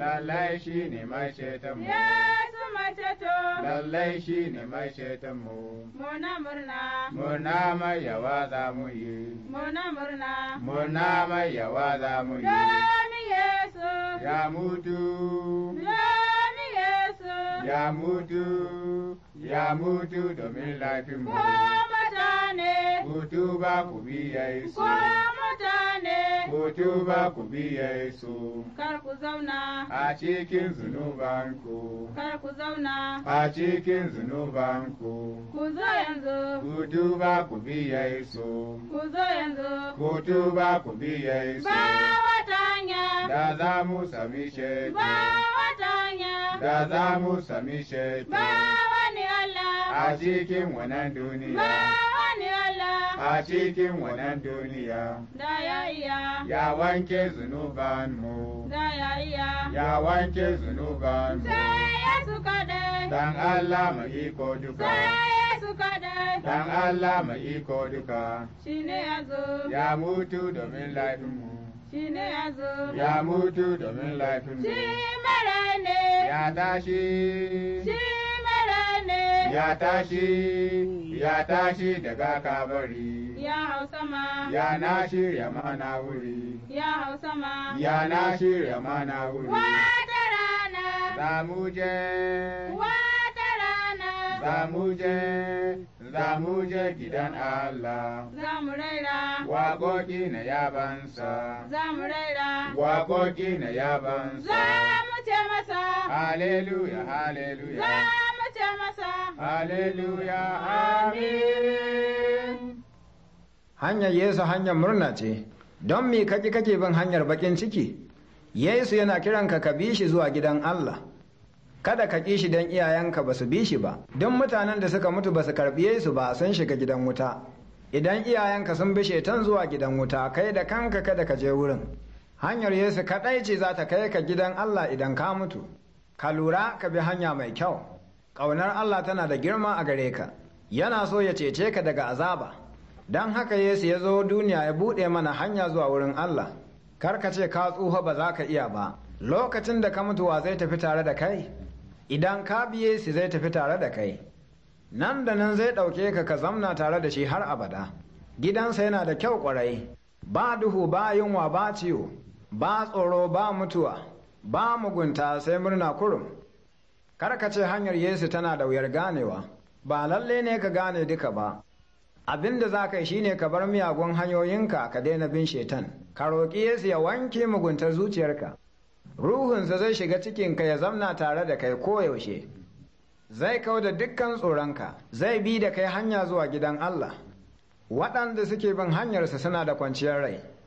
lallai shi ne mai cetonmu. Yesu mai ceto, lallai shi ne mai cetonmu. Muna murna, muna mai yawa za mu yi. Muna murna, muna mai yawa za mu yi. Domin Yesu, ya mutu. Domin Yesu, ya mutu. Ya mutu domin lafinmu. Ko ne. mutu ba ku biyayi su. Kutuba tuba ku bi Yesu. Kar ku zauna a cikin zunubanku. Kar ku zauna a cikin zunubanku. Ku zo yanzu. Ku tuba ku bi Yesu. Ku zo yanzu. Ku tuba ku bi Yesu. Ba wata hanya. Da za mu sami shaidu. Ba wata hanya. Da za mu sami shaidu. Ba wani Allah. A cikin wannan duniya. Ba a cikin wannan duniya. Da ya iya. Ya wanke zunuban Da ya iya. Ya wanke mu. Sai Yesu kaɗai. Dan Allah mai iko duka. Sai Yesu kaɗai. Dan Allah mai iko duka. Shi ne ya Ya mutu domin mu. Shi ne ya Ya mutu domin laifin mu. Shi mara ne. Ya tashi. Shi ya tashi ya tashi daga kabari ya hau sama ya na shirya mana wuri ya hau sama ya na shirya mana wuri wata rana za mu je wata rana za je za je gidan Allah. Za mu raira. Waƙoƙi na yabansa. Za raira. Waƙoƙi na yabansa. Za ce masa. Haleluya, haleluya. Zamu. ce masa Haleluya Amin. Hanyar Yesu hanyar murna ce, don me kaki kake bin hanyar bakin ciki? Yesu yana kiranka ka bi shi zuwa gidan Allah. Kada ka ƙi shi don iyayenka ba su bi shi ba, don mutanen da suka mutu ba su karɓi Yesu ba sun shiga gidan wuta. Idan iyayenka sun bi shetan zuwa gidan wuta, kai da kanka kada ka je wurin. Hanyar Yesu kaɗai ce za ta kai ka gidan Allah idan ka mutu. Ka lura ka bi hanya mai kyau. ƙaunar Allah tana da girma a gare ka yana so ya cece ka daga azaba don haka Yesu ya zo duniya ya buɗe mana hanya zuwa wurin Allah kar ka ce ka tsuha ba za ka iya ba lokacin da ka mutuwa zai tafi tare da kai idan ka biye su zai tafi tare da kai nan da nan zai ɗauke ka ka zamna tare da shi har abada gidansa yana da kyau ƙwarai ba duhu ba yunwa ba ciwo ba tsoro ba mutuwa ba mugunta sai murna kurum Kar ka ce hanyar Yesu tana da wuyar ganewa, ba lalle ne ka gane duka ba. Abin da za ka yi shine ka bar miyagun hanyoyinka ka daina bin shetan, ka roƙi Yesu ya wanke muguntar zuciyarka. Ruhunsa zai shiga cikinka ya zamna tare da kai ko yaushe. Zai kau da dukkan tsoronka, zai bi da kai hanya zuwa gidan Allah. Waɗanda suke bin hanyarsa suna da kwanciyar rai.